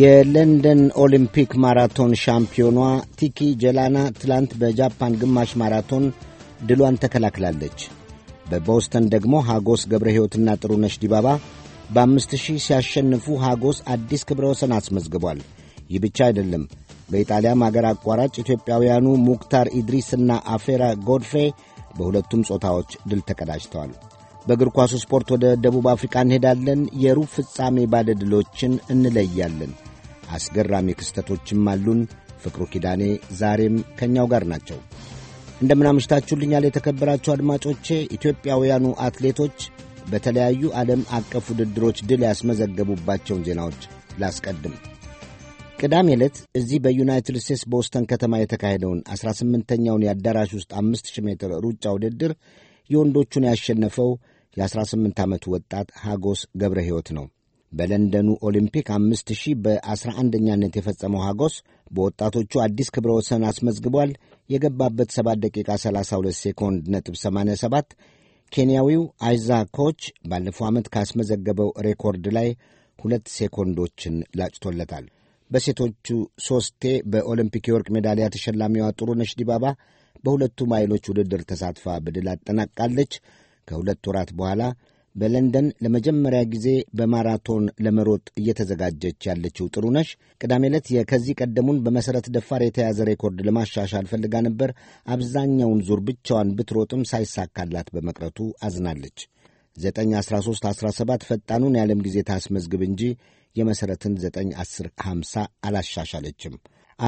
የለንደን ኦሊምፒክ ማራቶን ሻምፒዮኗ ቲኪ ጀላና ትላንት በጃፓን ግማሽ ማራቶን ድሏን ተከላክላለች። በቦስተን ደግሞ ሃጎስ ገብረ ሕይወትና ጥሩነሽ ዲባባ በአምስት ሺህ ሲያሸንፉ ሃጎስ አዲስ ክብረ ወሰን አስመዝግቧል። ይህ ብቻ አይደለም። በኢጣሊያም አገር አቋራጭ ኢትዮጵያውያኑ ሙክታር ኢድሪስና አፌራ ጎድፌ በሁለቱም ጾታዎች ድል ተቀዳጅተዋል። በእግር ኳሱ ስፖርት ወደ ደቡብ አፍሪቃ እንሄዳለን። የሩብ ፍጻሜ ባለድሎችን እንለያለን። አስገራሚ ክስተቶችም አሉን። ፍቅሩ ኪዳኔ ዛሬም ከእኛው ጋር ናቸው። እንደምናምሽታችሁልኛል የተከበራችሁ አድማጮቼ። ኢትዮጵያውያኑ አትሌቶች በተለያዩ ዓለም አቀፍ ውድድሮች ድል ያስመዘገቡባቸውን ዜናዎች ላስቀድም። ቅዳሜ ዕለት እዚህ በዩናይትድ ስቴትስ ቦስተን ከተማ የተካሄደውን 18ኛውን የአዳራሽ ውስጥ 5000 ሜትር ሩጫ ውድድር የወንዶቹን ያሸነፈው የ18 ዓመቱ ወጣት ሐጎስ ገብረ ሕይወት ነው። በለንደኑ ኦሊምፒክ አምስት ሺህ በ11ኛነት የፈጸመው ሐጎስ በወጣቶቹ አዲስ ክብረ ወሰን አስመዝግቧል። የገባበት 7 ደቂቃ 32 ሴኮንድ ነጥብ 87 ኬንያዊው አይዛ ኮች ባለፈው ዓመት ካስመዘገበው ሬኮርድ ላይ ሁለት ሴኮንዶችን ላጭቶለታል። በሴቶቹ ሦስቴ በኦሊምፒክ የወርቅ ሜዳሊያ ተሸላሚዋ ጥሩነሽ ዲባባ በሁለቱ ማይሎች ውድድር ተሳትፋ በድል አጠናቃለች። ከሁለት ወራት በኋላ በለንደን ለመጀመሪያ ጊዜ በማራቶን ለመሮጥ እየተዘጋጀች ያለችው ጥሩነሽ ቅዳሜ ዕለት የከዚህ ቀደሙን በመሠረት ደፋር የተያዘ ሬኮርድ ለማሻሻል ፈልጋ ነበር። አብዛኛውን ዙር ብቻዋን ብትሮጥም ሳይሳካላት በመቅረቱ አዝናለች። 9:13:17 ፈጣኑን የዓለም ጊዜ ታስመዝግብ እንጂ የመሠረትን 9:10:50 አላሻሻለችም።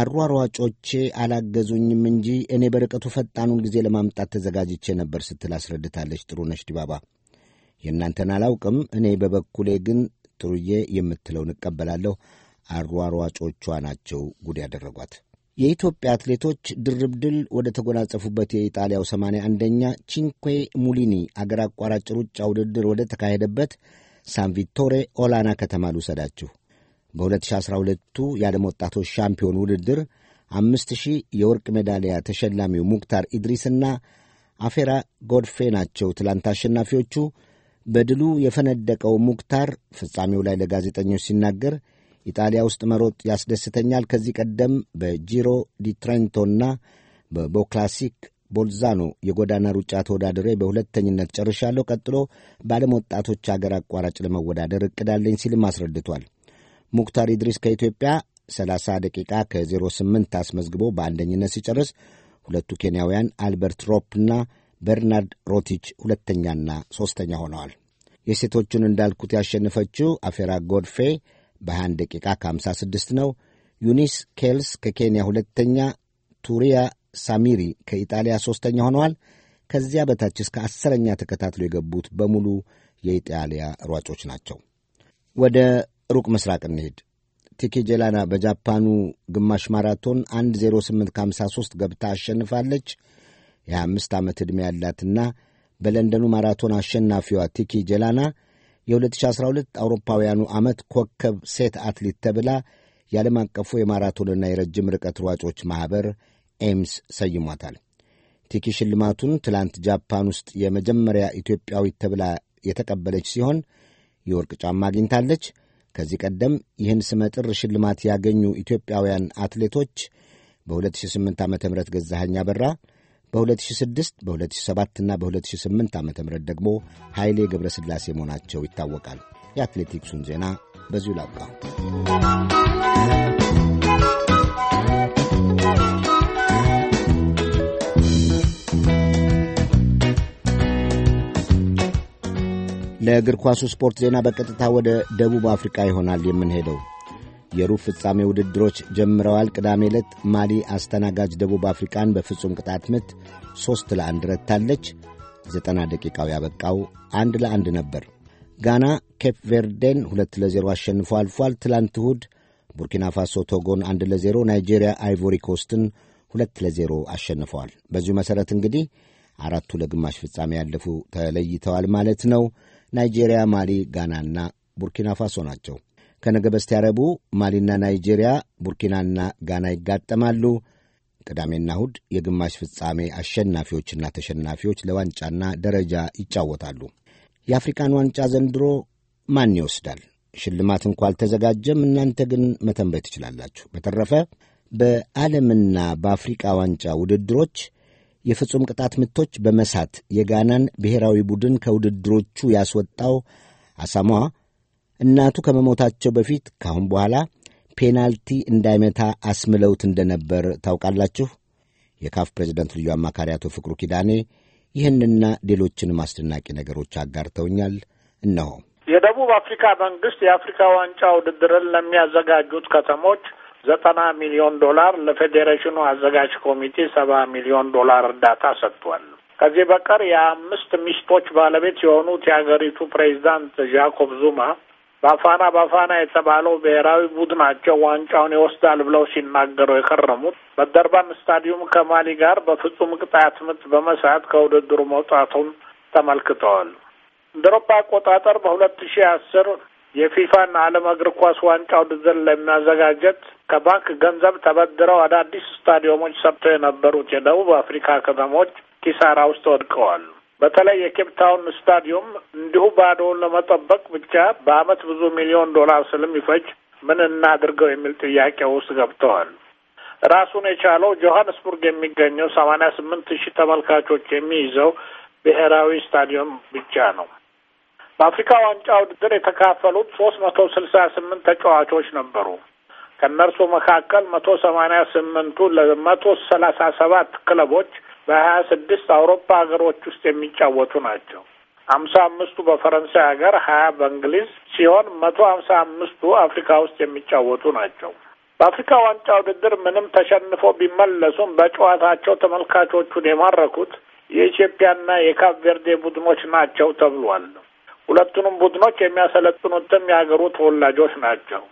አሯሯጮቼ አላገዙኝም እንጂ እኔ በርቀቱ ፈጣኑን ጊዜ ለማምጣት ተዘጋጅቼ ነበር ስትል አስረድታለች ጥሩነሽ ዲባባ። የእናንተን አላውቅም። እኔ በበኩሌ ግን ጥሩዬ የምትለውን እቀበላለሁ። አሯሯጮቿ ናቸው ጉድ ያደረጓት። የኢትዮጵያ አትሌቶች ድርብ ድል ወደ ተጎናጸፉበት የኢጣሊያው ሰማንያ አንደኛ ቺንኩዌ ሙሊኒ አገር አቋራጭ ሩጫ ውድድር ወደ ተካሄደበት ሳንቪቶሬ ኦላና ከተማ ልውሰዳችሁ። በ2012ቱ የዓለም ወጣቶች ሻምፒዮን ውድድር አምስት ሺህ የወርቅ ሜዳሊያ ተሸላሚው ሙክታር ኢድሪስና አፌራ ጎድፌ ናቸው ትላንት አሸናፊዎቹ። በድሉ የፈነደቀው ሙክታር ፍጻሜው ላይ ለጋዜጠኞች ሲናገር ኢጣሊያ ውስጥ መሮጥ ያስደስተኛል። ከዚህ ቀደም በጂሮ ዲትሬንቶና በቦክላሲክ ቦልዛኖ የጎዳና ሩጫ ተወዳድሬ በሁለተኝነት ጨርሻለሁ። ቀጥሎ በዓለም ወጣቶች አገር አቋራጭ ለመወዳደር እቅዳለኝ ሲልም አስረድቷል። ሙክታር ኢድሪስ ከኢትዮጵያ 30 ደቂቃ ከ08 አስመዝግቦ በአንደኝነት ሲጨርስ ሁለቱ ኬንያውያን አልበርት ሮፕና በርናርድ ሮቲች ሁለተኛና ሦስተኛ ሆነዋል። የሴቶቹን እንዳልኩት ያሸነፈችው አፌራ ጎድፌ በ21 ደቂቃ ከ56 ነው። ዩኒስ ኬልስ ከኬንያ ሁለተኛ፣ ቱሪያ ሳሚሪ ከኢጣሊያ ሦስተኛ ሆነዋል። ከዚያ በታች እስከ አስረኛ ተከታትሎ የገቡት በሙሉ የኢጣሊያ ሯጮች ናቸው። ወደ ሩቅ ምስራቅ እንሄድ። ቲኪ ጀላና በጃፓኑ ግማሽ ማራቶን 1 08 53 ገብታ አሸንፋለች። የአምስት ዓመት ዕድሜ ያላትና በለንደኑ ማራቶን አሸናፊዋ ቲኪ ጀላና የ2012 አውሮፓውያኑ ዓመት ኮከብ ሴት አትሌት ተብላ የዓለም አቀፉ የማራቶንና የረጅም ርቀት ሯጮች ማኅበር ኤምስ ሰይሟታል። ቲኪ ሽልማቱን ትላንት ጃፓን ውስጥ የመጀመሪያ ኢትዮጵያዊት ተብላ የተቀበለች ሲሆን የወርቅ ጫማ አግኝታለች። ከዚህ ቀደም ይህን ስመጥር ሽልማት ያገኙ ኢትዮጵያውያን አትሌቶች በ2008 ዓ ም ገዛኸኝ አበራ በ2006 በ2007 እና በ2008 ዓ ም ደግሞ ኃይሌ ሥላሴ መሆናቸው ይታወቃል። የአትሌቲክሱን ዜና በዚሁ ላብቃ። ለእግር ኳሱ ስፖርት ዜና በቀጥታ ወደ ደቡብ አፍሪካ ይሆናል የምንሄደው። የሩብ ፍጻሜ ውድድሮች ጀምረዋል። ቅዳሜ ዕለት ማሊ አስተናጋጅ ደቡብ አፍሪካን በፍጹም ቅጣት ምት ሦስት ለአንድ ረታለች። ዘጠና ደቂቃው ያበቃው አንድ ለአንድ ነበር። ጋና ኬፕ ቬርዴን ሁለት ለዜሮ አሸንፎ አልፏል። ትላንት እሁድ ቡርኪና ፋሶ ቶጎን አንድ ለዜሮ፣ ናይጄሪያ አይቮሪ ኮስትን ሁለት ለዜሮ አሸንፈዋል። በዚሁ መሠረት እንግዲህ አራቱ ለግማሽ ፍጻሜ ያለፉ ተለይተዋል ማለት ነው። ናይጄሪያ፣ ማሊ፣ ጋናና ቡርኪና ፋሶ ናቸው። ከነገ በስቲያ ረቡዕ ማሊና ናይጄሪያ፣ ቡርኪናና ጋና ይጋጠማሉ። ቅዳሜና እሁድ የግማሽ ፍጻሜ አሸናፊዎችና ተሸናፊዎች ለዋንጫና ደረጃ ይጫወታሉ። የአፍሪካን ዋንጫ ዘንድሮ ማን ይወስዳል? ሽልማት እንኳ አልተዘጋጀም። እናንተ ግን መተንበይ ትችላላችሁ። በተረፈ በዓለምና በአፍሪቃ ዋንጫ ውድድሮች የፍጹም ቅጣት ምቶች በመሳት የጋናን ብሔራዊ ቡድን ከውድድሮቹ ያስወጣው አሳሟ እናቱ ከመሞታቸው በፊት ካሁን በኋላ ፔናልቲ እንዳይመታ አስምለውት እንደነበር ታውቃላችሁ። የካፍ ፕሬዚደንት ልዩ አማካሪ አቶ ፍቅሩ ኪዳኔ ይህንና ሌሎችንም አስደናቂ ነገሮች አጋርተውኛል። እነሆ የደቡብ አፍሪካ መንግስት የአፍሪካ ዋንጫ ውድድርን ለሚያዘጋጁት ከተሞች ዘጠና ሚሊዮን ዶላር ለፌዴሬሽኑ አዘጋጅ ኮሚቴ ሰባ ሚሊዮን ዶላር እርዳታ ሰጥቷል። ከዚህ በቀር የአምስት ሚስቶች ባለቤት የሆኑት የሀገሪቱ ፕሬዚዳንት ዣኮብ ዙማ ባፋና ባፋና የተባለው ብሔራዊ ቡድናቸው ዋንጫውን ይወስዳል ብለው ሲናገሩ የከረሙት በደርባን ስታዲየም ከማሊ ጋር በፍጹም ቅጣት ምት በመሳት ከውድድሩ መውጣቱን ተመልክተዋል። እንደ አውሮፓ አቆጣጠር በሁለት ሺ አስር የፊፋና ዓለም እግር ኳስ ዋንጫ ውድድር ለሚያዘጋጀት ከባንክ ገንዘብ ተበድረው አዳዲስ ስታዲየሞች ሰርተው የነበሩት የደቡብ አፍሪካ ከተሞች ኪሳራ ውስጥ ወድቀዋል። በተለይ የኬፕታውን ስታዲየም እንዲሁ ባዶውን ለመጠበቅ ብቻ በአመት ብዙ ሚሊዮን ዶላር ስለሚፈጅ ምን እናድርገው የሚል ጥያቄ ውስጥ ገብተዋል። ራሱን የቻለው ጆሀንስቡርግ የሚገኘው ሰማንያ ስምንት ሺህ ተመልካቾች የሚይዘው ብሔራዊ ስታዲየም ብቻ ነው። በአፍሪካ ዋንጫ ውድድር የተካፈሉት ሶስት መቶ ስልሳ ስምንት ተጫዋቾች ነበሩ። ከእነርሱ መካከል መቶ ሰማንያ ስምንቱ ለመቶ ሰላሳ ሰባት ክለቦች በሀያ ስድስት አውሮፓ ሀገሮች ውስጥ የሚጫወቱ ናቸው። ሀምሳ አምስቱ በፈረንሳይ ሀገር፣ ሀያ በእንግሊዝ ሲሆን መቶ ሀምሳ አምስቱ አፍሪካ ውስጥ የሚጫወቱ ናቸው። በአፍሪካ ዋንጫ ውድድር ምንም ተሸንፈው ቢመለሱም በጨዋታቸው ተመልካቾቹን የማረኩት የኢትዮጵያና የካፕ ቬርዴ ቡድኖች ናቸው ተብሏል። ሁለቱንም ቡድኖች የሚያሰለጥኑትም የሀገሩ ተወላጆች ናቸው።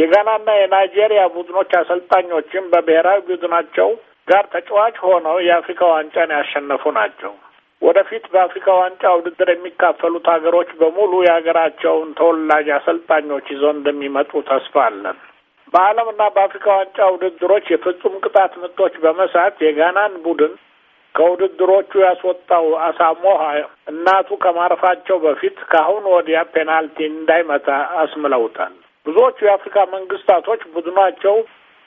የጋናና የናይጄሪያ ቡድኖች አሰልጣኞችም በብሔራዊ ቡድናቸው ጋር ተጫዋች ሆነው የአፍሪካ ዋንጫን ያሸነፉ ናቸው። ወደፊት በአፍሪካ ዋንጫ ውድድር የሚካፈሉት ሀገሮች በሙሉ የሀገራቸውን ተወላጅ አሰልጣኞች ይዘው እንደሚመጡ ተስፋ አለን። በዓለምና በአፍሪካ ዋንጫ ውድድሮች የፍጹም ቅጣት ምቶች በመሳት የጋናን ቡድን ከውድድሮቹ ያስወጣው አሳሞሃ እናቱ ከማረፋቸው በፊት ከአሁን ወዲያ ፔናልቲ እንዳይመታ አስምለውታል። ብዙዎቹ የአፍሪካ መንግስታቶች ቡድናቸው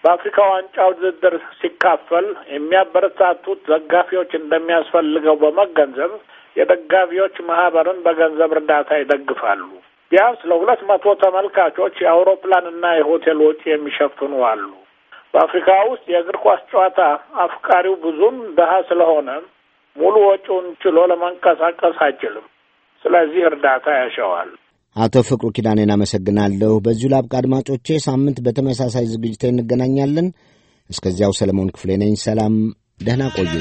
በአፍሪካ ዋንጫ ውድድር ሲካፈል የሚያበረታቱት ደጋፊዎች እንደሚያስፈልገው በመገንዘብ የደጋፊዎች ማህበርን በገንዘብ እርዳታ ይደግፋሉ። ቢያንስ ለሁለት መቶ ተመልካቾች የአውሮፕላን እና የሆቴል ወጪ የሚሸፍኑ አሉ። በአፍሪካ ውስጥ የእግር ኳስ ጨዋታ አፍቃሪው ብዙም ድሀ ስለሆነ ሙሉ ወጪውን ችሎ ለመንቀሳቀስ አይችልም። ስለዚህ እርዳታ ያሸዋል። አቶ ፍቅሩ ኪዳኔን አመሰግናለሁ። በዚሁ ላብቃ። አድማጮቼ ሳምንት በተመሳሳይ ዝግጅት እንገናኛለን። እስከዚያው ሰለሞን ክፍሌ ነኝ። ሰላም፣ ደህና ቆዩ።